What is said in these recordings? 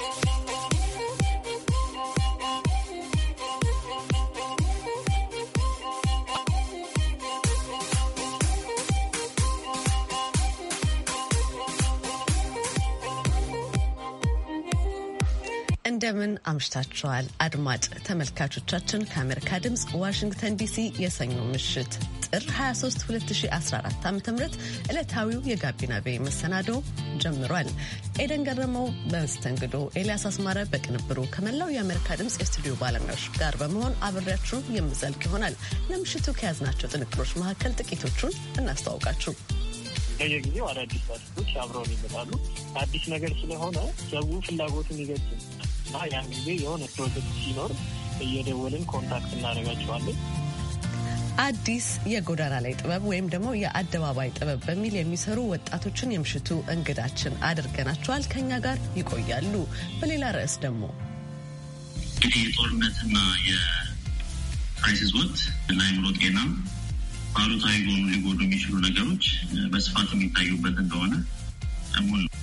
Thank you. እንደምን አምሽታችኋል አድማጭ ተመልካቾቻችን። ከአሜሪካ ድምፅ ዋሽንግተን ዲሲ የሰኞ ምሽት ጥር 23 2014 ዓ ም ዕለታዊው የጋቢና ቤ መሰናዶ ጀምሯል። ኤደን ገረመው በመስተንግዶ፣ ኤልያስ አስማረ በቅንብሩ ከመላው የአሜሪካ ድምፅ የስቱዲዮ ባለሙያዎች ጋር በመሆን አብሬያችሁ የምዘልቅ ይሆናል። ለምሽቱ ከያዝናቸው ጥንቅሮች መካከል ጥቂቶቹን እናስተዋውቃችሁ። በየጊዜው አዳዲስ አርቲስቶች አብረውን ይመጣሉ። አዲስ ነገር ስለሆነ ሰው ፍላጎቱን ይገልጽ እና ያን ጊዜ የሆነ ፕሮጀክት ሲኖር እየደወልን ኮንታክት እናደርጋቸዋለን። አዲስ የጎዳና ላይ ጥበብ ወይም ደግሞ የአደባባይ ጥበብ በሚል የሚሰሩ ወጣቶችን የምሽቱ እንግዳችን አድርገናቸዋል። ከኛ ጋር ይቆያሉ። በሌላ ርዕስ ደግሞ እንግዲህ የጦርነትና የክራይሲስ ወቅት ለአእምሮ ጤና አሉታዊ ሊጎዱ የሚችሉ ነገሮች በስፋት የሚታዩበት እንደሆነ እሙን ነው።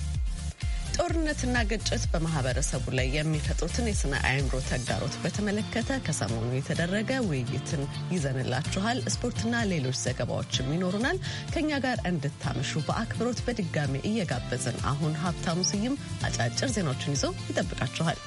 ጦርነትና ግጭት በማህበረሰቡ ላይ የሚፈጥሩትን የስነ አእምሮ ተግዳሮት በተመለከተ ከሰሞኑ የተደረገ ውይይትን ይዘንላችኋል። ስፖርትና ሌሎች ዘገባዎችም ይኖሩናል። ከእኛ ጋር እንድታመሹ በአክብሮት በድጋሚ እየጋበዝን አሁን ሀብታሙ ስዩም አጫጭር ዜናዎችን ይዞ ይጠብቃችኋል።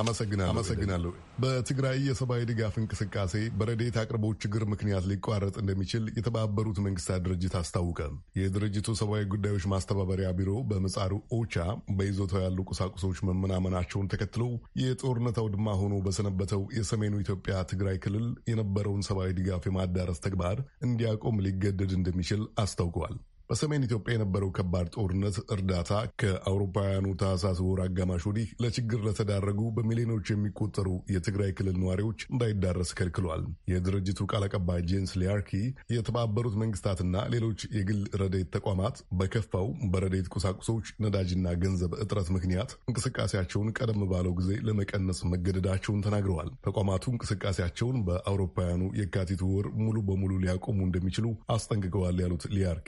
አመሰግናለሁ። በትግራይ የሰብአዊ ድጋፍ እንቅስቃሴ በረዴት አቅርቦት ችግር ምክንያት ሊቋረጥ እንደሚችል የተባበሩት መንግስታት ድርጅት አስታውቀ። የድርጅቱ ሰብአዊ ጉዳዮች ማስተባበሪያ ቢሮ በምጻሩ ኦቻ በይዞታው ያሉ ቁሳቁሶች መመናመናቸውን ተከትሎ የጦርነት አውድማ ሆኖ በሰነበተው የሰሜኑ ኢትዮጵያ ትግራይ ክልል የነበረውን ሰብአዊ ድጋፍ የማዳረስ ተግባር እንዲያቆም ሊገደድ እንደሚችል አስታውቀዋል። በሰሜን ኢትዮጵያ የነበረው ከባድ ጦርነት እርዳታ ከአውሮፓውያኑ ታህሳስ ወር አጋማሽ ወዲህ ለችግር ለተዳረጉ በሚሊዮኖች የሚቆጠሩ የትግራይ ክልል ነዋሪዎች እንዳይዳረስ ከልክሏል። የድርጅቱ ቃል አቀባይ ጄንስ ሊያርኪ የተባበሩት መንግስታትና ሌሎች የግል ረዴት ተቋማት በከፋው በረዴት ቁሳቁሶች ነዳጅና ገንዘብ እጥረት ምክንያት እንቅስቃሴያቸውን ቀደም ባለው ጊዜ ለመቀነስ መገደዳቸውን ተናግረዋል። ተቋማቱ እንቅስቃሴያቸውን በአውሮፓውያኑ የካቲት ወር ሙሉ በሙሉ ሊያቆሙ እንደሚችሉ አስጠንቅቀዋል ያሉት ሊያርኪ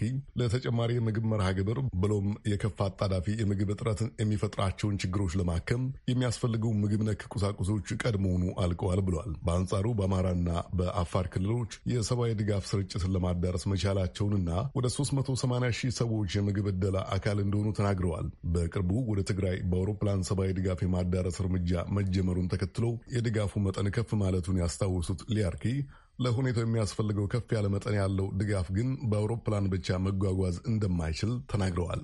በተጨማሪ የምግብ መርሃ ግብር ብሎም የከፋ አጣዳፊ የምግብ እጥረትን የሚፈጥራቸውን ችግሮች ለማከም የሚያስፈልጉ ምግብ ነክ ቁሳቁሶች ቀድሞውኑ አልቀዋል ብሏል። በአንጻሩ በአማራና በአፋር ክልሎች የሰብአዊ ድጋፍ ስርጭትን ለማዳረስ መቻላቸውንና ወደ 380 ሺህ ሰዎች የምግብ እደላ አካል እንደሆኑ ተናግረዋል። በቅርቡ ወደ ትግራይ በአውሮፕላን ሰብአዊ ድጋፍ የማዳረስ እርምጃ መጀመሩን ተከትሎ የድጋፉ መጠን ከፍ ማለቱን ያስታወሱት ሊያርኪ ለሁኔታው የሚያስፈልገው ከፍ ያለ መጠን ያለው ድጋፍ ግን በአውሮፕላን ብቻ መጓጓዝ እንደማይችል ተናግረዋል።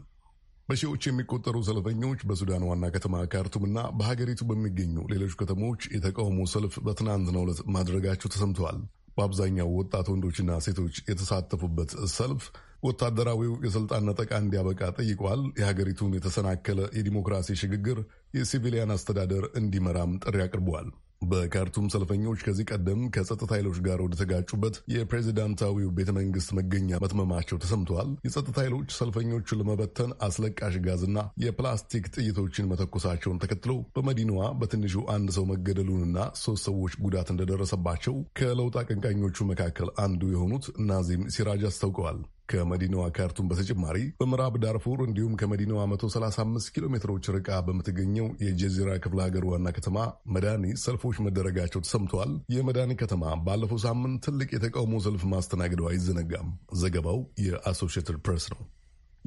በሺዎች የሚቆጠሩ ሰልፈኞች በሱዳን ዋና ከተማ ካርቱም እና በሀገሪቱ በሚገኙ ሌሎች ከተሞች የተቃውሞ ሰልፍ በትናንትናው ዕለት ማድረጋቸው ተሰምተዋል። በአብዛኛው ወጣት ወንዶችና ሴቶች የተሳተፉበት ሰልፍ ወታደራዊው የስልጣን ነጠቃ እንዲያበቃ ጠይቋል። የሀገሪቱን የተሰናከለ የዲሞክራሲ ሽግግር የሲቪሊያን አስተዳደር እንዲመራም ጥሪ አቅርበዋል። በካርቱም ሰልፈኞች ከዚህ ቀደም ከጸጥታ ኃይሎች ጋር ወደ ተጋጩበት የፕሬዚዳንታዊው ቤተ መንግስት መገኛ መትመማቸው ተሰምተዋል። የጸጥታ ኃይሎች ሰልፈኞቹን ለመበተን አስለቃሽ ጋዝና የፕላስቲክ ጥይቶችን መተኮሳቸውን ተከትሎ በመዲናዋ በትንሹ አንድ ሰው መገደሉንና ሶስት ሰዎች ጉዳት እንደደረሰባቸው ከለውጥ አቀንቃኞቹ መካከል አንዱ የሆኑት ናዚም ሲራጅ አስታውቀዋል። ከመዲናዋ ካርቱም በተጨማሪ በምዕራብ ዳርፉር እንዲሁም ከመዲናዋ 135 ኪሎ ሜትሮች ርቃ በምትገኘው የጀዚራ ክፍለ ሀገር ዋና ከተማ መዳኒ ሰልፎች መደረጋቸው ተሰምተዋል። የመዳኒ ከተማ ባለፈው ሳምንት ትልቅ የተቃውሞ ሰልፍ ማስተናገደው አይዘነጋም። ዘገባው የአሶሺየትድ ፕሬስ ነው።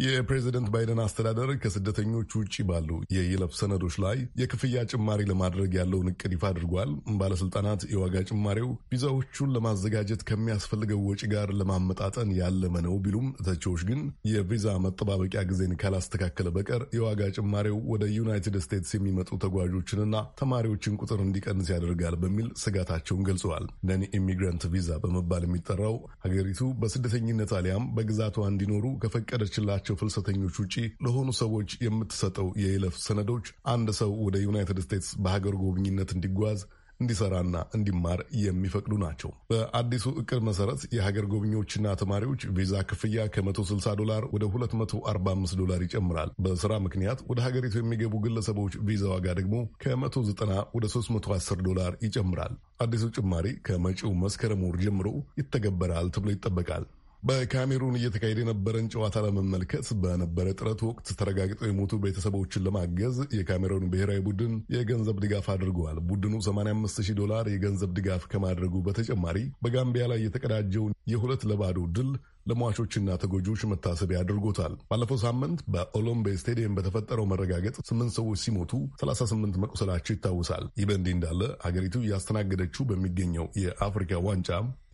የፕሬዚደንት ባይደን አስተዳደር ከስደተኞች ውጭ ባሉ የይለፍ ሰነዶች ላይ የክፍያ ጭማሪ ለማድረግ ያለውን እቅድ ይፋ አድርጓል። ባለስልጣናት የዋጋ ጭማሪው ቪዛዎቹን ለማዘጋጀት ከሚያስፈልገው ወጪ ጋር ለማመጣጠን ያለመ ነው ቢሉም ተቺዎች ግን የቪዛ መጠባበቂያ ጊዜን ካላስተካከለ በቀር የዋጋ ጭማሪው ወደ ዩናይትድ ስቴትስ የሚመጡ ተጓዦችንና ተማሪዎችን ቁጥር እንዲቀንስ ያደርጋል በሚል ስጋታቸውን ገልጸዋል። ነን ኢሚግራንት ቪዛ በመባል የሚጠራው ሀገሪቱ በስደተኝነት አሊያም በግዛቷ እንዲኖሩ ከፈቀደችላቸው ካላቸው ፍልሰተኞች ውጪ ለሆኑ ሰዎች የምትሰጠው የይለፍ ሰነዶች አንድ ሰው ወደ ዩናይትድ ስቴትስ በሀገር ጎብኝነት እንዲጓዝ እንዲሰራና እንዲማር የሚፈቅዱ ናቸው። በአዲሱ እቅድ መሰረት የሀገር ጎብኚዎችና ተማሪዎች ቪዛ ክፍያ ከ160 ዶላር ወደ 245 ዶላር ይጨምራል። በስራ ምክንያት ወደ ሀገሪቱ የሚገቡ ግለሰቦች ቪዛ ዋጋ ደግሞ ከ190 ወደ 310 ዶላር ይጨምራል። አዲሱ ጭማሪ ከመጪው መስከረም ወር ጀምሮ ይተገበራል ተብሎ ይጠበቃል። በካሜሩን እየተካሄደ የነበረን ጨዋታ ለመመልከት በነበረ ጥረት ወቅት ተረጋግጠው የሞቱ ቤተሰቦችን ለማገዝ የካሜሩን ብሔራዊ ቡድን የገንዘብ ድጋፍ አድርገዋል። ቡድኑ 850 ዶላር የገንዘብ ድጋፍ ከማድረጉ በተጨማሪ በጋምቢያ ላይ የተቀዳጀውን የሁለት ለባዶ ድል ለሟቾችና ተጎጂዎች መታሰቢያ አድርጎታል። ባለፈው ሳምንት በኦሎምቤ ስቴዲየም በተፈጠረው መረጋገጥ ስምንት ሰዎች ሲሞቱ 38 መቁሰላቸው ይታወሳል። ይህ በእንዲህ እንዳለ ሀገሪቱ እያስተናገደችው በሚገኘው የአፍሪካ ዋንጫ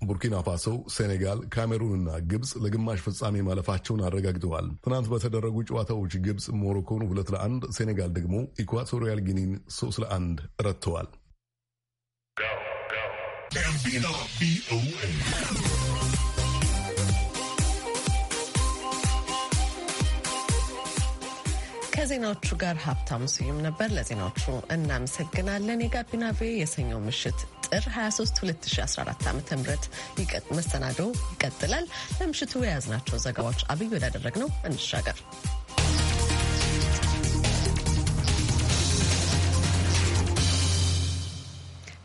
ቡርኪና ፋሶ፣ ሴኔጋል፣ ካሜሩንና ግብፅ ለግማሽ ፍጻሜ ማለፋቸውን አረጋግጠዋል። ትናንት በተደረጉ ጨዋታዎች ግብፅ ሞሮኮን ሁለት ለአንድ፣ ሴኔጋል ደግሞ ኢኳቶሪያል ጊኒን ሶስት ለአንድ ረትተዋል። ከዜናዎቹ ጋር ሀብታሙ ስዩም ነበር። ለዜናዎቹ እናመሰግናለን። የጋቢና ቪ የሰኞው ምሽት ጥር 23 2014 ዓ ም መሰናዶ ይቀጥላል። ለምሽቱ የያዝናቸው ዘገባዎች አብይ ወዳደረግ ነው እንሻገር።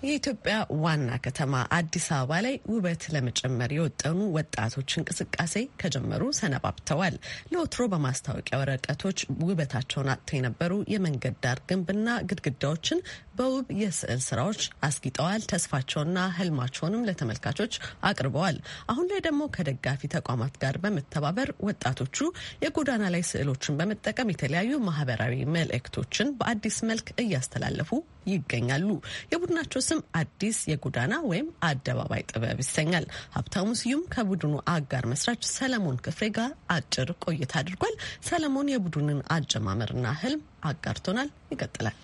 የኢትዮጵያ ዋና ከተማ አዲስ አበባ ላይ ውበት ለመጨመር የወጠኑ ወጣቶች እንቅስቃሴ ከጀመሩ ሰነባብተዋል። ለወትሮ በማስታወቂያ ወረቀቶች ውበታቸውን አጥተው የነበሩ የመንገድ ዳር ግንብና ግድግዳዎችን በውብ የስዕል ስራዎች አስጊጠዋል። ተስፋቸውና ህልማቸውንም ለተመልካቾች አቅርበዋል። አሁን ላይ ደግሞ ከደጋፊ ተቋማት ጋር በመተባበር ወጣቶቹ የጎዳና ላይ ስዕሎችን በመጠቀም የተለያዩ ማህበራዊ መልእክቶችን በአዲስ መልክ እያስተላለፉ ይገኛሉ። የቡድናቸው ስም አዲስ የጎዳና ወይም አደባባይ ጥበብ ይሰኛል። ሀብታሙ ስዩም ከቡድኑ አጋር መስራች ሰለሞን ክፍሬ ጋር አጭር ቆይታ አድርጓል። ሰለሞን የቡድኑን አጀማመርና ህልም አጋርቶናል። ይቀጥላል።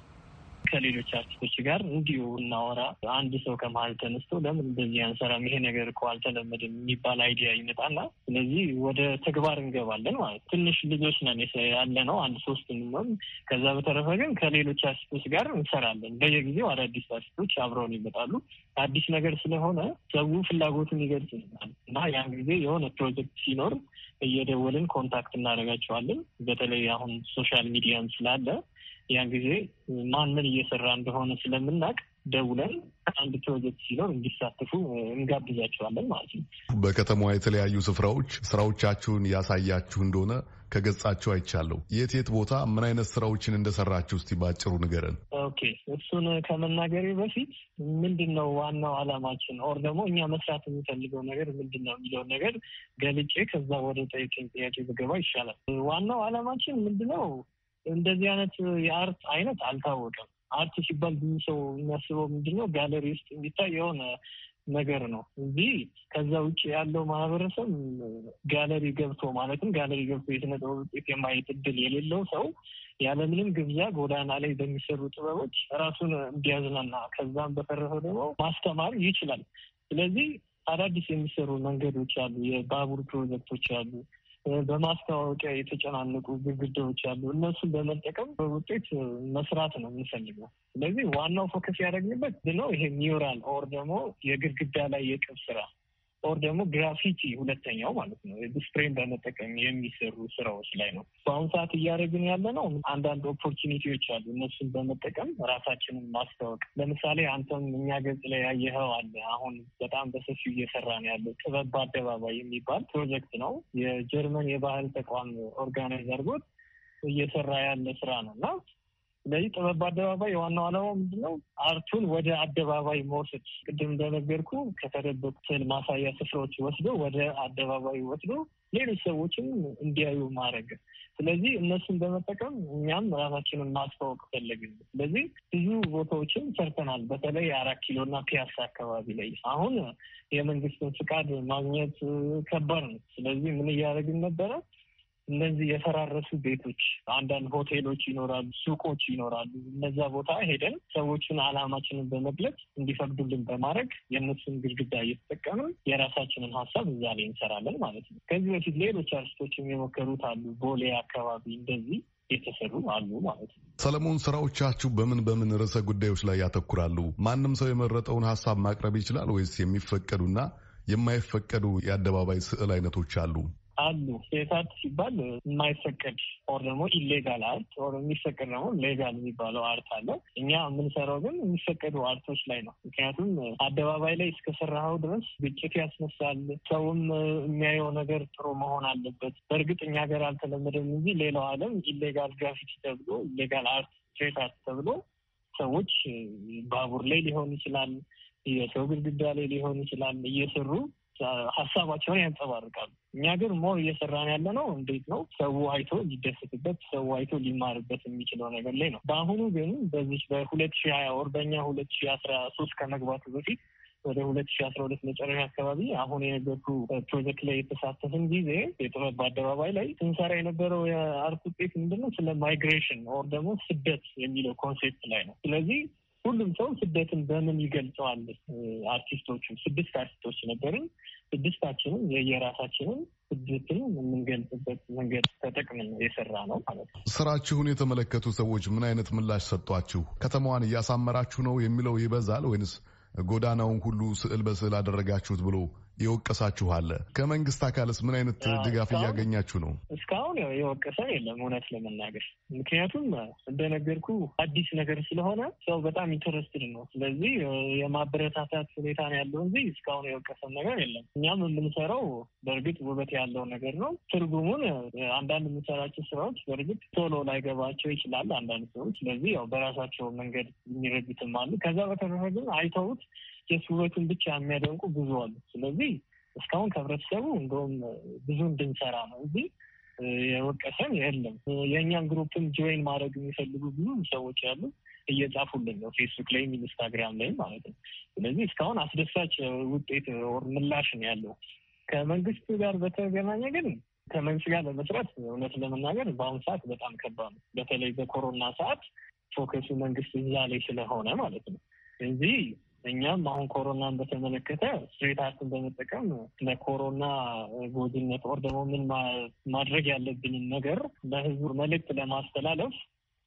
ከሌሎች አርቲስቶች ጋር እንዲሁ እናወራ። አንድ ሰው ከመሀል ተነስቶ ለምን እንደዚህ አንሰራም ይሄ ነገር እኮ አልተለመደም የሚባል አይዲያ ይመጣና ስለዚህ ወደ ተግባር እንገባለን ማለት ትንሽ ልጆች ነን ያለ ነው አንድ ሶስት ንም ከዛ በተረፈ ግን ከሌሎች አርቲስቶች ጋር እንሰራለን። በየጊዜው አዳዲስ አርቲስቶች አብረውን ይመጣሉ። አዲስ ነገር ስለሆነ ሰው ፍላጎቱን ይገልጽ እና ያን ጊዜ የሆነ ፕሮጀክት ሲኖር እየደወልን ኮንታክት እናደርጋቸዋለን። በተለይ አሁን ሶሻል ሚዲያም ስላለ ያን ጊዜ ማን ምን እየሰራ እንደሆነ ስለምናውቅ ደውለን አንድ ፕሮጀክት ሲኖር እንዲሳተፉ እንጋብዛቸዋለን ማለት ነው። በከተማዋ የተለያዩ ስፍራዎች ስራዎቻችሁን ያሳያችሁ እንደሆነ ከገጻችሁ አይቻለሁ። የት የት ቦታ ምን አይነት ስራዎችን እንደሰራችሁ እስቲ ባጭሩ ንገረን። ኦኬ፣ እሱን ከመናገሬ በፊት ምንድን ነው ዋናው አላማችን ኦር ደግሞ እኛ መስራት የሚፈልገው ነገር ምንድን ነው የሚለውን ነገር ገልጬ ከዛ ወደ ጠየቀኝ ጥያቄ ብገባ ይሻላል። ዋናው አላማችን ምንድነው እንደዚህ አይነት የአርት አይነት አልታወቀም። አርት ሲባል ብዙ ሰው የሚያስበው ምንድነው ጋለሪ ውስጥ የሚታይ የሆነ ነገር ነው እንጂ ከዛ ውጭ ያለው ማህበረሰብ ጋለሪ ገብቶ ማለትም ጋለሪ ገብቶ የስነ ውጤት የማየት እድል የሌለው ሰው ያለምንም ግብዣ ጎዳና ላይ በሚሰሩ ጥበቦች ራሱን እንዲያዝናና ከዛም በተረፈ ደግሞ ማስተማር ይችላል። ስለዚህ አዳዲስ የሚሰሩ መንገዶች አሉ፣ የባቡር ፕሮጀክቶች አሉ፣ በማስታወቂያ የተጨናነቁ ግድግዳዎች አሉ። እነሱን በመጠቀም በውጤት መስራት ነው የምንፈልገው። ስለዚህ ዋናው ፎከስ ያደረግንበት ነው ይሄ ኒውራል ኦር ደግሞ የግድግዳ ላይ የቅብ ስራ ኦር ደግሞ ግራፊቲ ሁለተኛው ማለት ነው። ስፕሬን በመጠቀም የሚሰሩ ስራዎች ላይ ነው በአሁኑ ሰዓት እያደረግን ያለ ነው። አንዳንድ ኦፖርቹኒቲዎች አሉ። እነሱን በመጠቀም ራሳችንን ማስታወቅ፣ ለምሳሌ አንተም እኛ ገጽ ላይ ያየኸው አለ። አሁን በጣም በሰፊው እየሰራ ነው ያለው ጥበብ በአደባባይ የሚባል ፕሮጀክት ነው። የጀርመን የባህል ተቋም ኦርጋናይዝ አድርጎት እየሰራ ያለ ስራ ነው እና ስለዚህ ጥበብ በአደባባይ የዋናው ዓላማው ምንድነው? አርቱን ወደ አደባባይ መውሰድ። ቅድም እንደነገርኩ ከተደበቁትን ማሳያ ስፍራዎች ወስዶ ወደ አደባባይ ወስዶ ሌሎች ሰዎችም እንዲያዩ ማድረግ። ስለዚህ እነሱን በመጠቀም እኛም ራሳችንን ማስታወቅ ፈለግን። ስለዚህ ብዙ ቦታዎችን ሰርተናል። በተለይ አራት ኪሎ እና ፒያሳ አካባቢ ላይ አሁን የመንግስትን ፍቃድ ማግኘት ከባድ ነው። ስለዚህ ምን እያደረግን ነበረ? እነዚህ የፈራረሱ ቤቶች፣ አንዳንድ ሆቴሎች ይኖራሉ፣ ሱቆች ይኖራሉ። እነዛ ቦታ ሄደን ሰዎቹን አላማችንን በመግለጽ እንዲፈቅዱልን በማድረግ የእነሱን ግድግዳ እየተጠቀምን የራሳችንን ሀሳብ እዛ ላይ እንሰራለን ማለት ነው። ከዚህ በፊት ሌሎች አርቲስቶችም የሞከሩት አሉ። ቦሌ አካባቢ እንደዚህ የተሰሩ አሉ ማለት ነው። ሰለሞን፣ ስራዎቻችሁ በምን በምን ርዕሰ ጉዳዮች ላይ ያተኩራሉ? ማንም ሰው የመረጠውን ሀሳብ ማቅረብ ይችላል ወይስ የሚፈቀዱና የማይፈቀዱ የአደባባይ ስዕል አይነቶች አሉ? አሉ። ሴታት ሲባል የማይፈቀድ ኦር ደግሞ ኢሌጋል አርት ኦር የሚፈቀድ ደግሞ ሌጋል የሚባለው አርት አለ። እኛ የምንሰራው ግን የሚፈቀዱ አርቶች ላይ ነው። ምክንያቱም አደባባይ ላይ እስከሰራኸው ድረስ ግጭት ያስነሳል። ሰውም የሚያየው ነገር ጥሩ መሆን አለበት። በእርግጥ እኛ ሀገር አልተለመደም እንጂ ሌላው ዓለም ኢሌጋል ግራፊቲ ተብሎ ኢሌጋል አርት ስትሬት አርት ተብሎ ሰዎች ባቡር ላይ ሊሆን ይችላል፣ የሰው ግድግዳ ላይ ሊሆን ይችላል እየሰሩ ሀሳባቸውን ያንጸባርቃሉ። እኛ ግን ሞር እየሰራን ያለ ነው እንዴት ነው ሰው አይቶ ሊደሰትበት ሰው አይቶ ሊማርበት የሚችለው ነገር ላይ ነው። በአሁኑ ግን በዚህ በሁለት ሺ ሀያ ወር በእኛ ሁለት ሺ አስራ ሶስት ከመግባቱ በፊት ወደ ሁለት ሺ አስራ ሁለት መጨረሻ አካባቢ አሁን የነገርኩ ፕሮጀክት ላይ የተሳተፍን ጊዜ የጥበብ በአደባባይ ላይ ስንሰራ የነበረው የአርት ውጤት ምንድነው ስለ ማይግሬሽን ኦር ደግሞ ስደት የሚለው ኮንሴፕት ላይ ነው። ስለዚህ ሁሉም ሰው ስደትን በምን ይገልጸዋል? አርቲስቶቹም ስድስት አርቲስቶች ነበርን። ስድስታችንም የየራሳችንም ስደትን የምንገልጽበት መንገድ ተጠቅምን የሰራ ነው ማለት ነው። ስራችሁን የተመለከቱ ሰዎች ምን አይነት ምላሽ ሰጧችሁ? ከተማዋን እያሳመራችሁ ነው የሚለው ይበዛል ወይንስ ጎዳናውን ሁሉ ስዕል በስዕል አደረጋችሁት ብሎ ይወቀሳችኋል? ከመንግስት አካልስ ምን አይነት ድጋፍ እያገኛችሁ ነው? እስካሁን ያው የወቀሰን የለም እውነት ለመናገር ምክንያቱም እንደነገርኩ አዲስ ነገር ስለሆነ ሰው በጣም ኢንተረስትድ ነው። ስለዚህ የማበረታታት ሁኔታ ነው ያለው እንጂ እስካሁን የወቀሰን ነገር የለም። እኛም የምንሰራው በእርግጥ ውበት ያለው ነገር ነው። ትርጉሙን አንዳንድ የምንሰራቸው ስራዎች በእርግጥ ቶሎ ላይገባቸው ይችላል አንዳንድ ሰዎች። ስለዚህ ያው በራሳቸው መንገድ የሚረዱትም አሉ። ከዛ በተረፈ ግን አይተውት ኬሱሎቹን ብቻ የሚያደንቁ ብዙ አሉ። ስለዚህ እስካሁን ከህብረተሰቡ እንደውም ብዙ እንድንሰራ ነው እንጂ የወቀሰን የለም። የእኛን ግሩፕን ጆይን ማድረግ የሚፈልጉ ብዙ ሰዎች ያሉ እየጻፉልን ነው፣ ፌስቡክ ላይም ኢንስታግራም ላይም ማለት ነው። ስለዚህ እስካሁን አስደሳች ውጤት ወር ምላሽ ነው ያለው። ከመንግስት ጋር በተገናኘ ግን ከመንግስት ጋር ለመስራት እውነት ለመናገር በአሁኑ ሰዓት በጣም ከባድ ነው። በተለይ በኮሮና ሰዓት ፎከሱ መንግስት እዛ ላይ ስለሆነ ማለት ነው እንጂ እኛም አሁን ኮሮናን በተመለከተ አርትን በመጠቀም ለኮሮና ጎጂነት ወር ደግሞ ምን ማድረግ ያለብንን ነገር ለህዝቡ መልእክት ለማስተላለፍ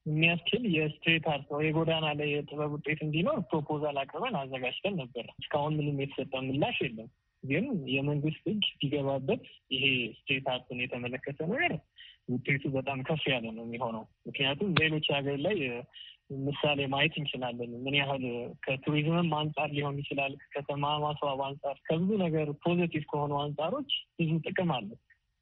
የሚያስችል የስትሬት አርት የጎዳና ላይ የጥበብ ውጤት እንዲኖር ፕሮፖዛል አቅርበን አዘጋጅተን ነበር። እስካሁን ምንም የተሰጠ ምላሽ የለም። ግን የመንግስት እጅ ቢገባበት ይሄ ስትሬት አርትን የተመለከተ ነገር ውጤቱ በጣም ከፍ ያለ ነው የሚሆነው። ምክንያቱም ሌሎች ሀገር ላይ ምሳሌ ማየት እንችላለን። ምን ያህል ከቱሪዝምም አንጻር ሊሆን ይችላል፣ ከተማ ማስዋብ አንጻር፣ ከብዙ ነገር ፖዘቲቭ ከሆኑ አንጻሮች ብዙ ጥቅም አለ።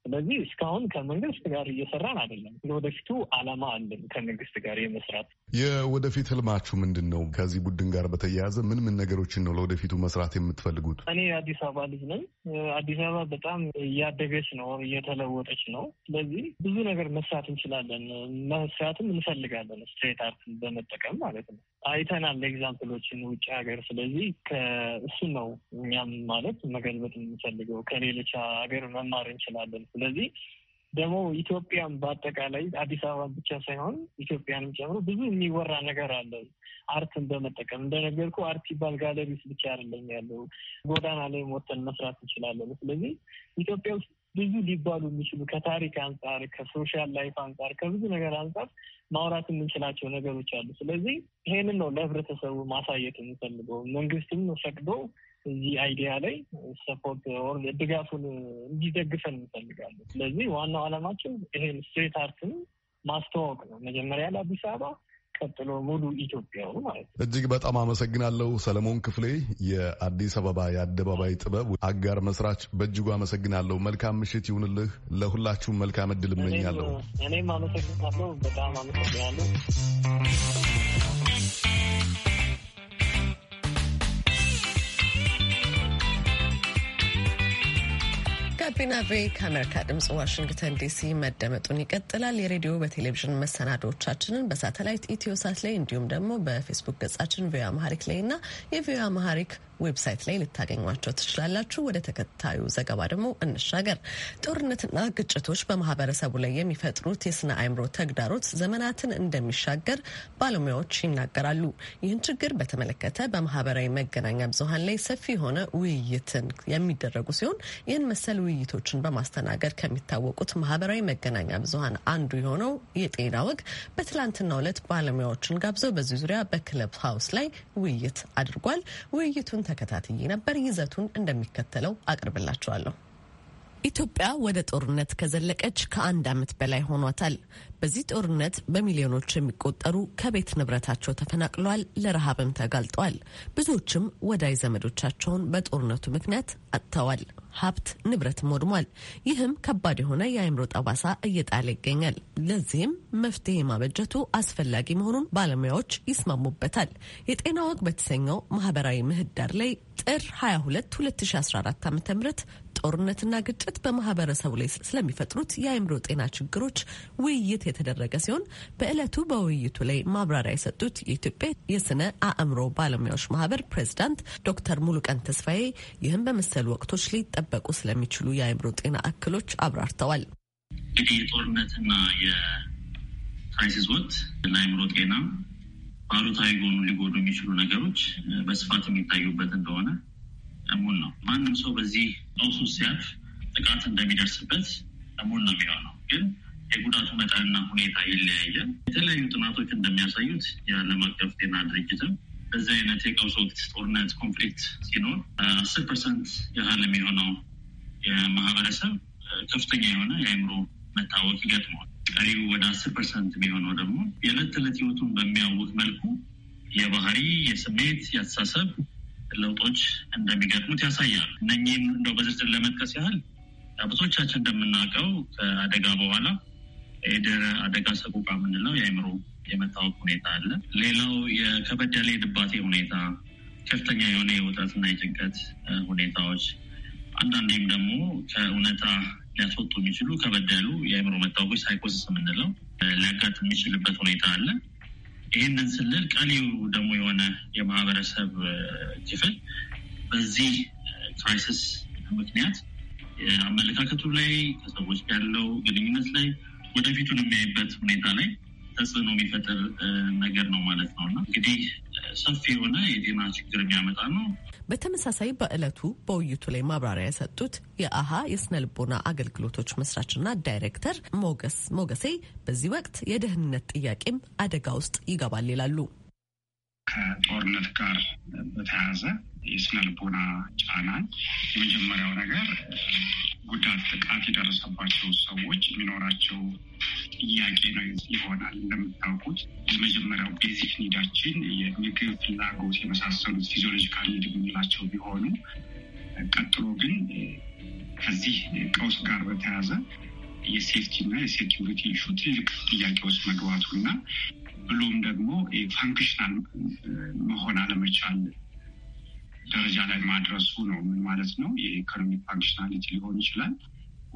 ስለዚህ እስካሁን ከመንግስት ጋር እየሰራን አይደለም። ለወደፊቱ አላማ አለን ከመንግስት ጋር የመስራት። የወደፊት ህልማችሁ ምንድን ነው? ከዚህ ቡድን ጋር በተያያዘ ምን ምን ነገሮችን ነው ለወደፊቱ መስራት የምትፈልጉት? እኔ የአዲስ አበባ ልጅ ነኝ። አዲስ አበባ በጣም እያደገች ነው፣ እየተለወጠች ነው። ስለዚህ ብዙ ነገር መስራት እንችላለን፣ መስራትም እንፈልጋለን። ስትሬት አርት በመጠቀም ማለት ነው። አይተናል ኤግዛምፕሎችን ውጭ ሀገር። ስለዚህ ከእሱ ነው እኛም ማለት መገልበጥ የምንፈልገው ከሌሎች ሀገር መማር እንችላለን። ስለዚህ ደግሞ ኢትዮጵያን በአጠቃላይ አዲስ አበባ ብቻ ሳይሆን ኢትዮጵያንም ጨምሮ ብዙ የሚወራ ነገር አለ። አርትን በመጠቀም እንደነገርኩ አርት ይባል ጋለሪስ ብቻ አይደለም ያለው፣ ጎዳና ላይ ወጥተን መስራት እንችላለን። ስለዚህ ኢትዮጵያ ውስጥ ብዙ ሊባሉ የሚችሉ ከታሪክ አንጻር፣ ከሶሻል ላይፍ አንጻር፣ ከብዙ ነገር አንጻር ማውራት የምንችላቸው ነገሮች አሉ። ስለዚህ ይሄንን ነው ለህብረተሰቡ ማሳየት የምንፈልገው። መንግስትም ፈቅዶ እዚህ አይዲያ ላይ ሰፖርት ኦር ድጋፉን እንዲደግፈን እንፈልጋለን። ስለዚህ ዋናው ዓላማችን ይሄን ስትሬት አርትን ማስተዋወቅ ነው። መጀመሪያ ለአዲስ አበባ ቀጥሎ ሙሉ ኢትዮጵያው ማለት ነው። እጅግ በጣም አመሰግናለሁ። ሰለሞን ክፍሌ የአዲስ አበባ የአደባባይ ጥበብ አጋር መስራች፣ በእጅጉ አመሰግናለሁ። መልካም ምሽት ይሁንልህ። ለሁላችሁም መልካም እድል እመኛለሁ። እኔም አመሰግናለሁ። በጣም አመሰግናለሁ። ጋቢና ቬ ከአሜሪካ ድምጽ ዋሽንግተን ዲሲ መደመጡን ይቀጥላል። የሬዲዮ በቴሌቪዥን መሰናዶቻችንን በሳተላይት ኢትዮሳት ላይ እንዲሁም ደግሞ በፌስቡክ ገጻችን ቪዮ አማሪክ ላይ እና የቪዮ አማሃሪክ ዌብሳይት ላይ ልታገኟቸው ትችላላችሁ። ወደ ተከታዩ ዘገባ ደግሞ እንሻገር። ጦርነትና ግጭቶች በማህበረሰቡ ላይ የሚፈጥሩት የስነ አእምሮ ተግዳሮት ዘመናትን እንደሚሻገር ባለሙያዎች ይናገራሉ። ይህን ችግር በተመለከተ በማህበራዊ መገናኛ ብዙሀን ላይ ሰፊ የሆነ ውይይትን የሚደረጉ ሲሆን ይህን መሰል ውይይቶችን በማስተናገድ ከሚታወቁት ማህበራዊ መገናኛ ብዙሀን አንዱ የሆነው የጤና ወግ በትላንትናው ዕለት ባለሙያዎችን ጋብዘው በዚህ ዙሪያ በክለብ ሀውስ ላይ ውይይት አድርጓል። ውይይቱን ተከታትዬ ነበር። ይዘቱን እንደሚከተለው አቅርብላችኋለሁ። ኢትዮጵያ ወደ ጦርነት ከዘለቀች ከአንድ ዓመት በላይ ሆኗታል። በዚህ ጦርነት በሚሊዮኖች የሚቆጠሩ ከቤት ንብረታቸው ተፈናቅለዋል፣ ለረሃብም ተጋልጠዋል። ብዙዎችም ወዳጅ ዘመዶቻቸውን በጦርነቱ ምክንያት አጥተዋል። ሀብት ንብረትም ወድሟል። ይህም ከባድ የሆነ የአእምሮ ጠባሳ እየጣለ ይገኛል። ለዚህም መፍትሄ ማበጀቱ አስፈላጊ መሆኑን ባለሙያዎች ይስማሙበታል። የጤና ወግ በተሰኘው ማህበራዊ ምህዳር ላይ ጥር 22 2014 ዓ ም ጦርነትና ግጭት በማህበረሰቡ ላይ ስለሚፈጥሩት የአእምሮ ጤና ችግሮች ውይይት የተደረገ ሲሆን በዕለቱ በውይይቱ ላይ ማብራሪያ የሰጡት የኢትዮጵያ የስነ አእምሮ ባለሙያዎች ማህበር ፕሬዚዳንት ዶክተር ሙሉቀን ተስፋዬ ይህም በመሰሉ ወቅቶች ሊጠበቁ ስለሚችሉ የአእምሮ ጤና እክሎች አብራርተዋል። እንግዲህ የጦርነትና የክራይሲስ ወቅት ጤና ባሉታዊ ጎኑ ሊጎዱ የሚችሉ ነገሮች በስፋት የሚታዩበት እንደሆነ እሙን ነው። ማንም ሰው በዚህ ቀውስ ውስጥ ሲያልፍ ጥቃት እንደሚደርስበት እሙን ነው የሚሆነው ግን የጉዳቱ መጠንና ሁኔታ ይለያያል። የተለያዩ ጥናቶች እንደሚያሳዩት የዓለም አቀፍ ጤና ድርጅትም በዚህ አይነት የቀውስ ወቅት ጦርነት፣ ኮንፍሊክት ሲኖር አስር ፐርሰንት ያህል የሚሆነው የማህበረሰብ ከፍተኛ የሆነ የአእምሮ መታወቅ ይገጥመዋል። ቀሪው ወደ አስር ፐርሰንት የሚሆነው ደግሞ የዕለት ተዕለት ህይወቱን በሚያውቅ መልኩ የባህሪ፣ የስሜት፣ የአስተሳሰብ ለውጦች እንደሚገጥሙት ያሳያል። እነኚህም እንደው በዝርዝር ለመጥቀስ ያህል ብዙዎቻችን እንደምናውቀው ከአደጋ በኋላ የድህረ አደጋ ሰቆቃ የምንለው የአእምሮ የመታወቅ ሁኔታ አለ። ሌላው የከበድ ያለ የድባቴ ሁኔታ፣ ከፍተኛ የሆነ የውጥረትና የጭንቀት ሁኔታዎች፣ አንዳንዴም ደግሞ ከእውነታ ሊያስወጡ የሚችሉ ከበድ ያሉ የአእምሮ መታወቆች ሳይኮሲስ የምንለው ሊያጋጥም የሚችልበት ሁኔታ አለ። ይህንን ስንል ቀሪው ደግሞ የሆነ የማህበረሰብ ክፍል በዚህ ክራይሲስ ምክንያት አመለካከቱ ላይ ከሰዎች ያለው ግንኙነት ላይ ወደፊቱን የሚያይበት ሁኔታ ላይ ተጽዕኖ የሚፈጥር ነገር ነው ማለት ነው እና እንግዲህ ሰፊ የሆነ የጤና ችግር የሚያመጣ ነው። በተመሳሳይ በዕለቱ በውይይቱ ላይ ማብራሪያ የሰጡት የአሃ የስነ ልቦና አገልግሎቶች መስራችና ዳይሬክተር ሞገስ ሞገሴ በዚህ ወቅት የደህንነት ጥያቄም አደጋ ውስጥ ይገባል ይላሉ። ከጦርነት ጋር በተያያዘ የስነልቦና ጫናን የመጀመሪያው ነገር ጉዳት፣ ጥቃት የደረሰባቸው ሰዎች የሚኖራቸው ጥያቄ ነው ይሆናል። እንደምታውቁት የመጀመሪያው ቤዚክ ኒዳችን የምግብ ፍላጎት የመሳሰሉት ፊዚዮሎጂካል ኒድ የምንላቸው ቢሆኑ ቀጥሎ ግን ከዚህ ቀውስ ጋር በተያያዘ የሴፍቲ እና የሴኪሪቲ ኢሹ ትልቅ ጥያቄዎች መግባቱ እና ብሎም ደግሞ ፋንክሽናል መሆን አለመቻል ደረጃ ላይ ማድረሱ ነው። ምን ማለት ነው? የኢኮኖሚክ ፋንክሽናሊቲ ሊሆን ይችላል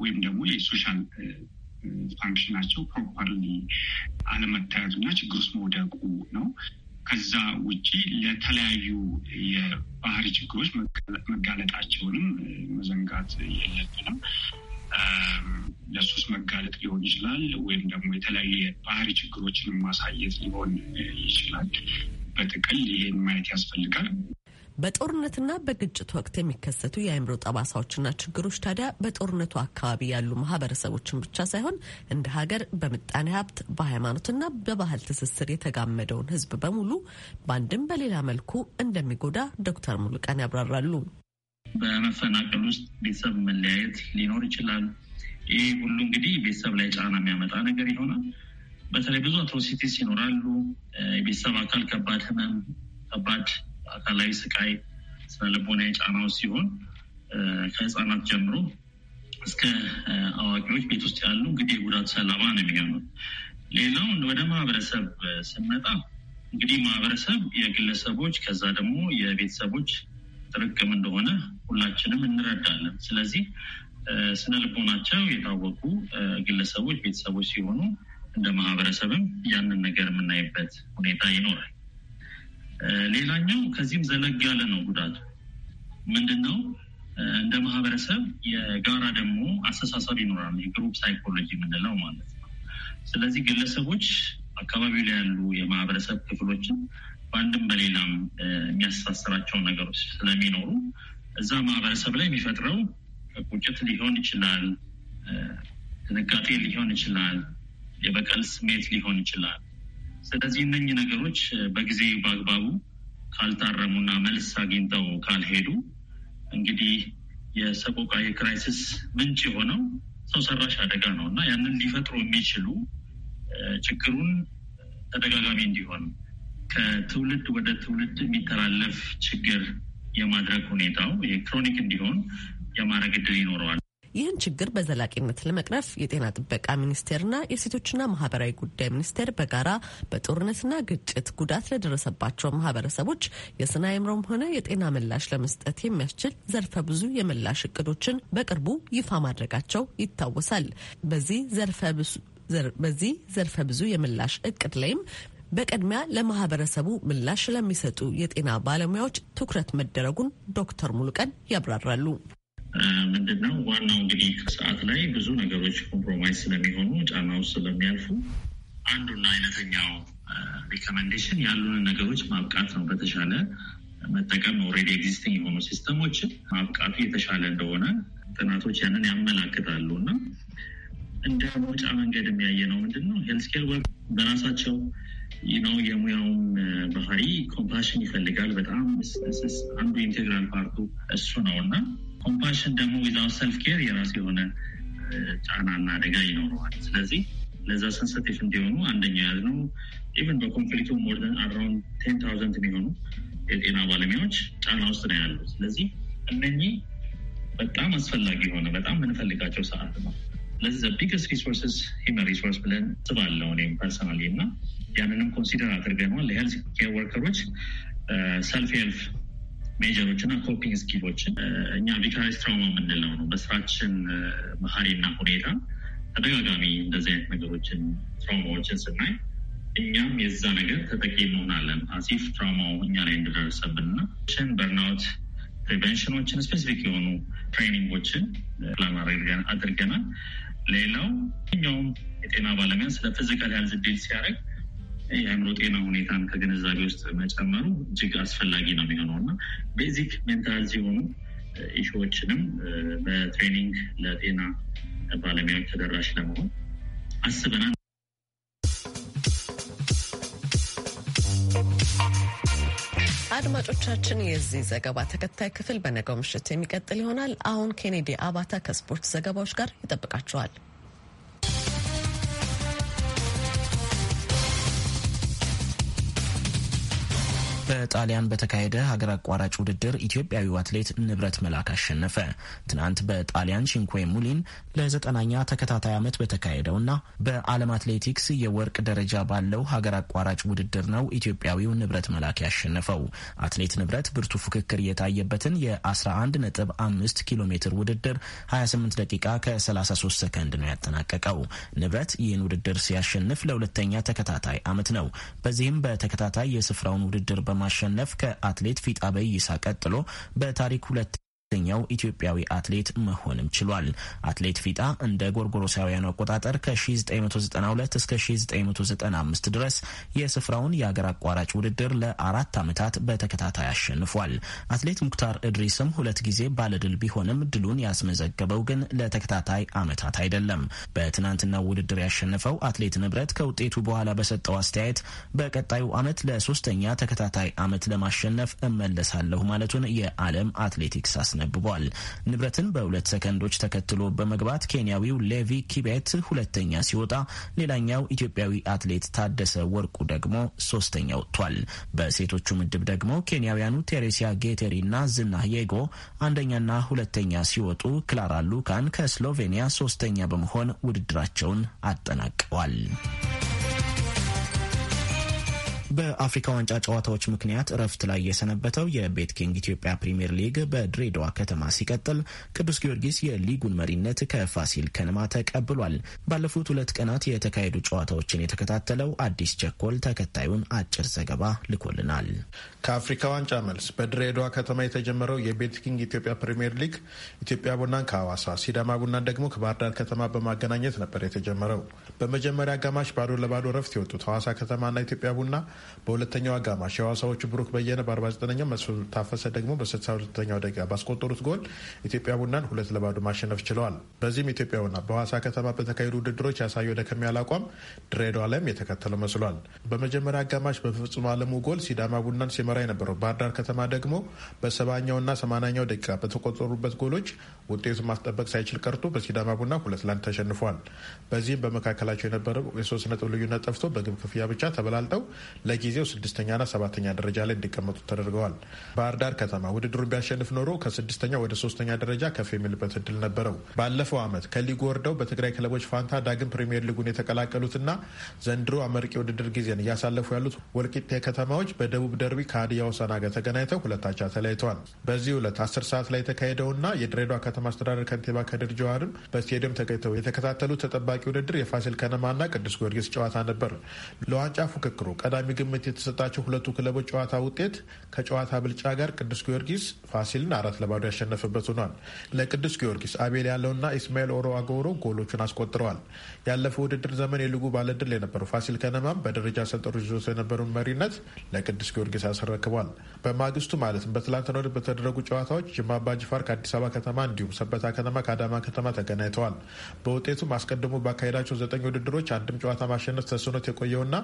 ወይም ደግሞ የሶሻል ፋንክሽናቸው ፕሮፐርሊ አለመታየቱና ችግር ውስጥ መውደቁ ነው። ከዛ ውጪ ለተለያዩ የባህሪ ችግሮች መጋለጣቸውንም መዘንጋት የለብንም። ለሱስ መጋለጥ ሊሆን ይችላል ወይም ደግሞ የተለያዩ የባህሪ ችግሮችን ማሳየት ሊሆን ይችላል። በጥቅል ይሄን ማየት ያስፈልጋል። በጦርነትና በግጭት ወቅት የሚከሰቱ የአእምሮ ጠባሳዎችና ችግሮች ታዲያ በጦርነቱ አካባቢ ያሉ ማህበረሰቦችን ብቻ ሳይሆን እንደ ሀገር በምጣኔ ሀብት፣ በሃይማኖትና በባህል ትስስር የተጋመደውን ህዝብ በሙሉ በአንድም በሌላ መልኩ እንደሚጎዳ ዶክተር ሙሉቀን ያብራራሉ። በመፈናቀል ውስጥ ቤተሰብ መለያየት ሊኖር ይችላል። ይህ ሁሉ እንግዲህ ቤተሰብ ላይ ጫና የሚያመጣ ነገር ይሆናል። በተለይ ብዙ አትሮሲቲስ ይኖራሉ። የቤተሰብ አካል ከባድ ህመም፣ ከባድ አካላዊ ስቃይ፣ ስነልቦናዊ የጫናው ሲሆን ከህፃናት ጀምሮ እስከ አዋቂዎች ቤት ውስጥ ያሉ እንግዲህ የጉዳቱ ሰለባ ነው የሚሆነው። ሌላው ወደ ማህበረሰብ ስንመጣ እንግዲህ ማህበረሰብ የግለሰቦች ከዛ ደግሞ የቤተሰቦች ጥርቅም እንደሆነ ሁላችንም እንረዳለን። ስለዚህ ስነ ልቦናቸው የታወቁ ግለሰቦች፣ ቤተሰቦች ሲሆኑ እንደ ማህበረሰብም ያንን ነገር የምናይበት ሁኔታ ይኖራል። ሌላኛው ከዚህም ዘለግ ያለ ነው ጉዳቱ ምንድን ነው? እንደ ማህበረሰብ የጋራ ደግሞ አስተሳሰብ ይኖራል። የግሩፕ ሳይኮሎጂ የምንለው ማለት ነው። ስለዚህ ግለሰቦች አካባቢው ላይ ያሉ የማህበረሰብ ክፍሎችን በአንድም በሌላም የሚያስተሳስራቸው ነገሮች ስለሚኖሩ እዛ ማህበረሰብ ላይ የሚፈጥረው ቁጭት ሊሆን ይችላል፣ ድንጋጤ ሊሆን ይችላል፣ የበቀል ስሜት ሊሆን ይችላል ስለዚህ እነኚህ ነገሮች በጊዜ በአግባቡ ካልታረሙና መልስ አግኝተው ካልሄዱ እንግዲህ የሰቆቃ የክራይሲስ ምንጭ የሆነው ሰው ሰራሽ አደጋ ነው እና ያንን ሊፈጥሩ የሚችሉ ችግሩን ተደጋጋሚ እንዲሆን ከትውልድ ወደ ትውልድ የሚተላለፍ ችግር የማድረግ ሁኔታው ይሄ ክሮኒክ እንዲሆን የማድረግ እድል ይኖረዋል። ይህን ችግር በዘላቂነት ለመቅረፍ የጤና ጥበቃ ሚኒስቴርና የሴቶችና ማህበራዊ ጉዳይ ሚኒስቴር በጋራ በጦርነትና ግጭት ጉዳት ለደረሰባቸው ማህበረሰቦች የስነ አእምሮም ሆነ የጤና ምላሽ ለመስጠት የሚያስችል ዘርፈ ብዙ የምላሽ እቅዶችን በቅርቡ ይፋ ማድረጋቸው ይታወሳል። በዚህ ዘርፈ ብዙ የምላሽ እቅድ ላይም በቅድሚያ ለማህበረሰቡ ምላሽ ለሚሰጡ የጤና ባለሙያዎች ትኩረት መደረጉን ዶክተር ሙሉቀን ያብራራሉ። ምንድነው ዋናው እንግዲህ ሰዓት ላይ ብዙ ነገሮች ኮምፕሮማይዝ ስለሚሆኑ ጫና ውስጥ ስለሚያልፉ አንዱና አይነተኛው ሪኮመንዴሽን ያሉንን ነገሮች ማብቃት ነው። በተሻለ መጠቀም ኦልሬዲ ኤግዚስቲንግ የሆኑ ሲስተሞችን ማብቃቱ የተሻለ እንደሆነ ጥናቶች ያንን ያመላክታሉ። እና እንደ መውጫ መንገድ የሚያየ ነው ምንድን ነው ኬር ወርክ በራሳቸው ነው የሙያውም ባህሪ ኮምፓሽን ይፈልጋል። በጣም አንዱ ኢንቴግራል ፓርቱ እሱ ነው እና ኮምፓሽን ደግሞ ዊዛው ሰልፍ ኬር የራሱ የሆነ ጫናና አደጋ ይኖረዋል። ስለዚህ ለዛ ሰንሰቲቭ እንዲሆኑ አንደኛው ያዝነው ኢቨን በኮንፍሊክቱ ሞር ሞርደን አራውንድ ቴን ታውዘንድ የሚሆኑ የጤና ባለሙያዎች ጫና ውስጥ ነው ያሉ። ስለዚህ እነኚህ በጣም አስፈላጊ የሆነ በጣም የምንፈልጋቸው ሰዓት ነው። ስለዚህ ዘ ቢገስት ሪሶርስስ ሂመን ሪሶርስ ብለን ስባለው እኔም ፐርሰናሊ እና ያንንም ኮንሲደር አድርገነዋል። ለሄልዝ ኬር ወርከሮች ሰልፍ ሄልፍ ሜጀሮች እና ኮፒንግ ስኪሎችን እኛ ቪካሪስ ትራውማ የምንለው ነው። በስራችን ባህሪና ሁኔታ ተደጋጋሚ እንደዚህ አይነት ነገሮችን ትራውማዎችን ስናይ እኛም የዛ ነገር ተጠቂ እንሆናለን። አሲፍ ትራውማው እኛ ላይ እንደደረሰብን እና በርናውት ፕሪቨንሽኖችን ስፔሲፊክ የሆኑ ትሬኒንጎችን ፕላን አድርገናል። ሌላው ኛውም የጤና ባለሙያ ስለ ፊዚካል ሄልዝ ዲል ሲያደርግ የአእምሮ ጤና ሁኔታን ከግንዛቤ ውስጥ መጨመሩ እጅግ አስፈላጊ ነው የሚሆነው እና ቤዚክ ሜንታል ሲሆኑ ኢሹዎችንም በትሬኒንግ ለጤና ባለሙያዎች ተደራሽ ለመሆን አስበናል። አድማጮቻችን የዚህ ዘገባ ተከታይ ክፍል በነገው ምሽት የሚቀጥል ይሆናል። አሁን ኬኔዲ አባታ ከስፖርት ዘገባዎች ጋር ይጠብቃችኋል። በጣሊያን በተካሄደ ሀገር አቋራጭ ውድድር ኢትዮጵያዊው አትሌት ንብረት መላክ አሸነፈ። ትናንት በጣሊያን ሺንኩዌ ሙሊን ለዘጠናኛ ተከታታይ ዓመት በተካሄደውና በዓለም አትሌቲክስ የወርቅ ደረጃ ባለው ሀገር አቋራጭ ውድድር ነው ኢትዮጵያዊው ንብረት መላክ ያሸነፈው። አትሌት ንብረት ብርቱ ፉክክር የታየበትን የ11.5 ኪሎ ሜትር ውድድር 28 ደቂቃ ከ33 ሰከንድ ነው ያጠናቀቀው። ንብረት ይህን ውድድር ሲያሸንፍ ለሁለተኛ ተከታታይ ዓመት ነው። በዚህም በተከታታይ የስፍራውን ውድድር በ በማሸነፍ ከአትሌት ፊጣ በይሳ ቀጥሎ በታሪክ ሁለት አምስተኛው ኢትዮጵያዊ አትሌት መሆንም ችሏል። አትሌት ፊጣ እንደ ጎርጎሮሳውያኑ አቆጣጠር ከ1992 እስከ 1995 ድረስ የስፍራውን የአገር አቋራጭ ውድድር ለአራት ዓመታት በተከታታይ አሸንፏል። አትሌት ሙክታር እድሪስም ሁለት ጊዜ ባለድል ቢሆንም ድሉን ያስመዘገበው ግን ለተከታታይ ዓመታት አይደለም። በትናንትናው ውድድር ያሸነፈው አትሌት ንብረት ከውጤቱ በኋላ በሰጠው አስተያየት በቀጣዩ ዓመት ለሶስተኛ ተከታታይ ዓመት ለማሸነፍ እመለሳለሁ ማለቱን የዓለም አትሌቲክስ አስነ ተነብቧል። ንብረትን በሁለት ሰከንዶች ተከትሎ በመግባት ኬንያዊው ሌቪ ኪቤት ሁለተኛ ሲወጣ፣ ሌላኛው ኢትዮጵያዊ አትሌት ታደሰ ወርቁ ደግሞ ሶስተኛ ወጥቷል። በሴቶቹ ምድብ ደግሞ ኬንያውያኑ ቴሬሲያ ጌቴሪ እና ዝና የጎ አንደኛና ሁለተኛ ሲወጡ፣ ክላራ ሉካን ከስሎቬኒያ ሶስተኛ በመሆን ውድድራቸውን አጠናቀዋል። በአፍሪካ ዋንጫ ጨዋታዎች ምክንያት እረፍት ላይ የሰነበተው የቤት ኪንግ ኢትዮጵያ ፕሪምየር ሊግ በድሬዳዋ ከተማ ሲቀጥል ቅዱስ ጊዮርጊስ የሊጉን መሪነት ከፋሲል ከነማ ተቀብሏል። ባለፉት ሁለት ቀናት የተካሄዱ ጨዋታዎችን የተከታተለው አዲስ ቸኮል ተከታዩን አጭር ዘገባ ልኮልናል። ከአፍሪካ ዋንጫ መልስ በድሬዳዋ ከተማ የተጀመረው የቤት ኪንግ ኢትዮጵያ ፕሪምየር ሊግ ኢትዮጵያ ቡናን ከሐዋሳ፣ ሲዳማ ቡናን ደግሞ ከባህር ዳር ከተማ በማገናኘት ነበር የተጀመረው። በመጀመሪያ አጋማሽ ባዶ ለባዶ እረፍት የወጡት ሐዋሳ ከተማና ኢትዮጵያ ቡና በሁለተኛው አጋማሽ የሐዋሳዎቹ ብሩክ በየነ በ49ኛው መስፍን ታፈሰ ደግሞ በ62ኛው ደቂቃ ባስቆጠሩት ጎል ኢትዮጵያ ቡናን ሁለት ለባዶ ማሸነፍ ችለዋል። በዚህም ኢትዮጵያ ቡና በሐዋሳ ከተማ በተካሄዱ ውድድሮች ያሳየው ደከም ያለ አቋም ድሬዳዋ ላይም የተከተለው መስሏል። በመጀመሪያ አጋማሽ በፍጹም አለሙ ጎል ሲዳማ ቡናን ሲመራ የነበረው ባህርዳር ዳር ከተማ ደግሞ በሰባኛውና ሰማናኛው ደቂቃ በተቆጠሩበት ጎሎች ውጤቱን ማስጠበቅ ሳይችል ቀርቶ በሲዳማ ቡና ሁለት ለአንድ ተሸንፏል። በዚህም በመካከላቸው የነበረው የሶስት ነጥብ ልዩነት ጠፍቶ በግብ ክፍያ ብቻ ተበላልጠው ለጊዜው ስድስተኛና ሰባተኛ ደረጃ ላይ እንዲቀመጡ ተደርገዋል። ባህር ዳር ከተማ ውድድሩን ቢያሸንፍ ኖሮ ከስድስተኛ ወደ ሶስተኛ ደረጃ ከፍ የሚልበት እድል ነበረው። ባለፈው ዓመት ከሊጉ ወርደው በትግራይ ክለቦች ፋንታ ዳግም ፕሪምየር ሊጉን የተቀላቀሉትና ዘንድሮ አመርቂ ውድድር ጊዜን እያሳለፉ ያሉት ወልቂጤ ከተማዎች በደቡብ ደርቢ ከሀዲያ ሆሳዕና ጋር ተገናኝተው ሁለታቻ ተለያይተዋል። በዚህ ዕለት አስር ሰዓት ላይ የተካሄደውና የድሬዳዋ ከተማ አስተዳደር ከንቲባ ከድር ጀዋርም በስቴዲየም ተገኝተው የተከታተሉት ተጠባቂ ውድድር የፋሲል ከነማና ቅዱስ ጊዮርጊስ ጨዋታ ነበር። ለዋንጫ ፉክክሩ ቀዳሚ ግምት የተሰጣቸው ሁለቱ ክለቦች ጨዋታ ውጤት ከጨዋታ ብልጫ ጋር ቅዱስ ጊዮርጊስ ፋሲልን አራት ለባዶ ያሸነፈበት ሆኗል። ለቅዱስ ጊዮርጊስ አቤል ያለውና ኢስማኤል ኦሮ አጎሮ ጎሎቹን አስቆጥረዋል። ያለፈው ውድድር ዘመን የልጉ ባለድል የነበረው ፋሲል ከነማም በደረጃ ሰንጠረዡ ይዞት የነበረውን መሪነት ለቅዱስ ጊዮርጊስ አስረክቧል። በማግስቱ ማለትም በትላንትናው በተደረጉ ጨዋታዎች ጅማ አባጅፋር ከአዲስ አበባ ከተማ እንዲሁም ሰበታ ከተማ ከአዳማ ከተማ ተገናኝተዋል። በውጤቱም አስቀድሞ ባካሄዳቸው ዘጠኝ ውድድሮች አንድም ጨዋታ ማሸነፍ ተስኖት የቆየውና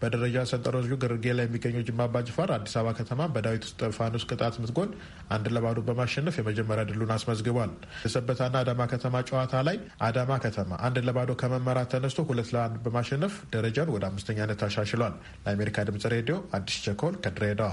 በደረጃ ሰንጠረ በፈረንጆቹ ግርጌ ላይ የሚገኘው ጅማ አባጅፋር አዲስ አበባ ከተማ በዳዊት እስጢፋኖስ ቅጣት ምት ጎል አንድ ለባዶ በማሸነፍ የመጀመሪያ ድሉን አስመዝግቧል። የሰበታና አዳማ ከተማ ጨዋታ ላይ አዳማ ከተማ አንድ ለባዶ ከመመራት ተነስቶ ሁለት ለአንድ በማሸነፍ ደረጃን ወደ አምስተኛነት አሻሽሏል። ለአሜሪካ ድምጽ ሬዲዮ አዲስ ቸኮል ከድሬዳዋ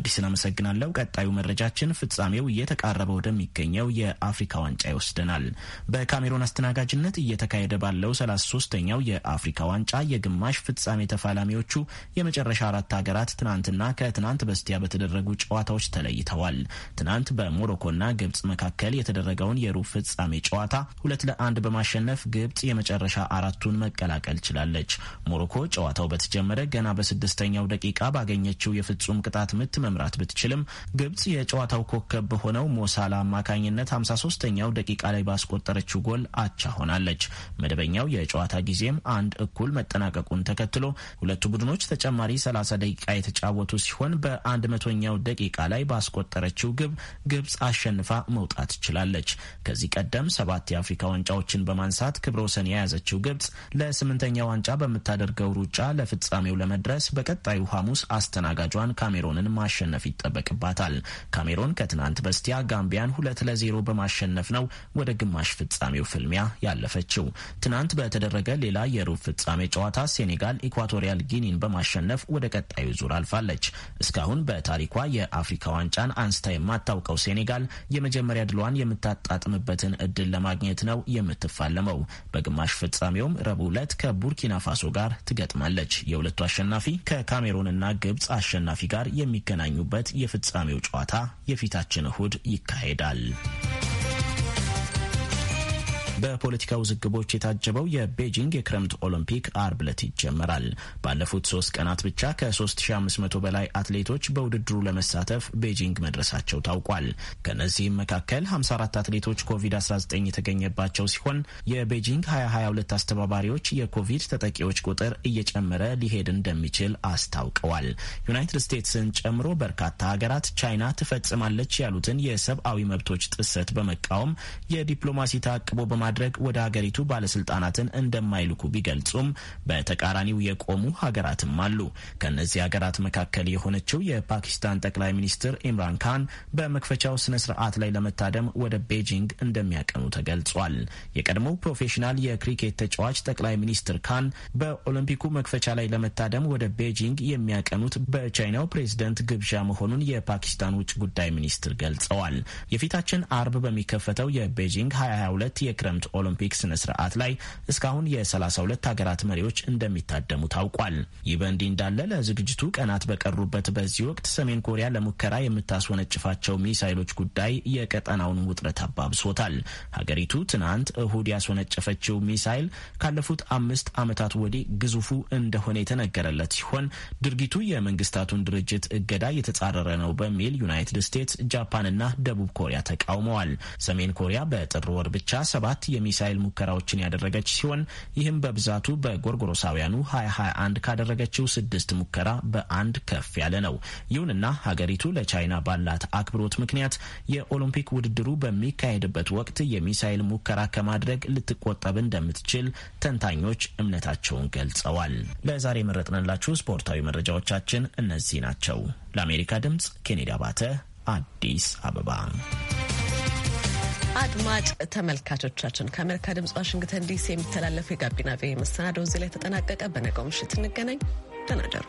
አዲስን አመሰግናለሁ። ቀጣዩ መረጃችን ፍጻሜው እየተቃረበ ወደሚገኘው የአፍሪካ ዋንጫ ይወስደናል። በካሜሮን አስተናጋጅነት እየተካሄደ ባለው 33ኛው የአፍሪካ ዋንጫ የግማሽ ፍጻሜ ተፋላሚዎቹ የመጨረሻ አራት ሀገራት ትናንትና ከትናንት በስቲያ በተደረጉ ጨዋታዎች ተለይተዋል። ትናንት በሞሮኮና ግብጽ መካከል የተደረገውን የሩብ ፍጻሜ ጨዋታ ሁለት ለአንድ በማሸነፍ ግብጽ የመጨረሻ አራቱን መቀላቀል ችላለች። ሞሮኮ ጨዋታው በተጀመረ ገና በስድስተኛው ደቂቃ ባገኘችው የፍጹም ቅጣት ምት መምራት ብትችልም ግብጽ የጨዋታው ኮከብ በሆነው ሞሳላ አማካኝነት 53ኛው ደቂቃ ላይ ባስቆጠረችው ጎል አቻ ሆናለች። መደበኛው የጨዋታ ጊዜም አንድ እኩል መጠናቀቁን ተከትሎ ሁለቱ ቡድኖች ተጨማሪ 30 ደቂቃ የተጫወቱ ሲሆን በ100ኛው ደቂቃ ላይ ባስቆጠረችው ግብ ግብጽ አሸንፋ መውጣት ችላለች። ከዚህ ቀደም ሰባት የአፍሪካ ዋንጫዎችን በማንሳት ክብረ ወሰን የያዘችው ግብጽ ለስምንተኛ ዋንጫ በምታደርገው ሩጫ ለፍጻሜው ለመድረስ በቀጣዩ ሐሙስ አስተናጋጇን ካሜሮንን ማሸ ማሸነፍ ይጠበቅባታል። ካሜሮን ከትናንት በስቲያ ጋምቢያን ሁለት ለዜሮ በማሸነፍ ነው ወደ ግማሽ ፍጻሜው ፍልሚያ ያለፈችው። ትናንት በተደረገ ሌላ የሩብ ፍጻሜ ጨዋታ ሴኔጋል ኢኳቶሪያል ጊኒን በማሸነፍ ወደ ቀጣዩ ዙር አልፋለች። እስካሁን በታሪኳ የአፍሪካ ዋንጫን አንስታ የማታውቀው ሴኔጋል የመጀመሪያ ድሏን የምታጣጥምበትን እድል ለማግኘት ነው የምትፋለመው። በግማሽ ፍጻሜውም ረቡዕ ዕለት ከቡርኪና ፋሶ ጋር ትገጥማለች። የሁለቱ አሸናፊ ከካሜሮንና ግብፅ አሸናፊ ጋር የሚገናኝ የሚገናኙበት የፍጻሜው ጨዋታ የፊታችን እሁድ ይካሄዳል። በፖለቲካ ውዝግቦች የታጀበው የቤጂንግ የክረምት ኦሎምፒክ አርብ ዕለት ይጀመራል። ባለፉት ሶስት ቀናት ብቻ ከ3500 በላይ አትሌቶች በውድድሩ ለመሳተፍ ቤጂንግ መድረሳቸው ታውቋል። ከነዚህም መካከል 54 አትሌቶች ኮቪድ-19 የተገኘባቸው ሲሆን የቤጂንግ 2022 አስተባባሪዎች የኮቪድ ተጠቂዎች ቁጥር እየጨመረ ሊሄድ እንደሚችል አስታውቀዋል። ዩናይትድ ስቴትስን ጨምሮ በርካታ ሀገራት ቻይና ትፈጽማለች ያሉትን የሰብአዊ መብቶች ጥሰት በመቃወም የዲፕሎማሲ ታቅቦ በማ ለማድረግ ወደ ሀገሪቱ ባለስልጣናትን እንደማይልኩ ቢገልጹም በተቃራኒው የቆሙ ሀገራትም አሉ። ከእነዚህ ሀገራት መካከል የሆነችው የፓኪስታን ጠቅላይ ሚኒስትር ኢምራን ካን በመክፈቻው ስነ ስርዓት ላይ ለመታደም ወደ ቤጂንግ እንደሚያቀኑ ተገልጿል። የቀድሞው ፕሮፌሽናል የክሪኬት ተጫዋች ጠቅላይ ሚኒስትር ካን በኦሎምፒኩ መክፈቻ ላይ ለመታደም ወደ ቤጂንግ የሚያቀኑት በቻይናው ፕሬዝደንት ግብዣ መሆኑን የፓኪስታን ውጭ ጉዳይ ሚኒስትር ገልጸዋል። የፊታችን አርብ በሚከፈተው የቤጂንግ 22 የክረምት የጥቅምት ኦሎምፒክ ስነ ስርዓት ላይ እስካሁን የ32 ሀገራት መሪዎች እንደሚታደሙ ታውቋል። ይህ በእንዲህ እንዳለ ለዝግጅቱ ቀናት በቀሩበት በዚህ ወቅት ሰሜን ኮሪያ ለሙከራ የምታስወነጭፋቸው ሚሳይሎች ጉዳይ የቀጠናውን ውጥረት አባብሶታል። ሀገሪቱ ትናንት እሁድ ያስወነጨፈችው ሚሳይል ካለፉት አምስት ዓመታት ወዲህ ግዙፉ እንደሆነ የተነገረለት ሲሆን ድርጊቱ የመንግስታቱን ድርጅት እገዳ የተጻረረ ነው በሚል ዩናይትድ ስቴትስ፣ ጃፓንና ደቡብ ኮሪያ ተቃውመዋል። ሰሜን ኮሪያ በጥር ወር ብቻ ሰባት የሚሳይል ሙከራዎችን ያደረገች ሲሆን ይህም በብዛቱ በጎርጎሮሳውያኑ 2021 ካደረገችው ስድስት ሙከራ በአንድ ከፍ ያለ ነው። ይሁንና ሀገሪቱ ለቻይና ባላት አክብሮት ምክንያት የኦሎምፒክ ውድድሩ በሚካሄድበት ወቅት የሚሳይል ሙከራ ከማድረግ ልትቆጠብ እንደምትችል ተንታኞች እምነታቸውን ገልጸዋል። ለዛሬ የመረጥንላችሁ ስፖርታዊ መረጃዎቻችን እነዚህ ናቸው። ለአሜሪካ ድምፅ ኬኔዲ አባተ አዲስ አበባ አድማጭ ተመልካቾቻችን ከአሜሪካ ድምጽ ዋሽንግተን ዲሲ የሚተላለፈው የጋቢና ቪኦኤ መሰናዶ እዚህ ላይ ተጠናቀቀ። በነገው ምሽት እንገናኝ። ደህና እደሩ።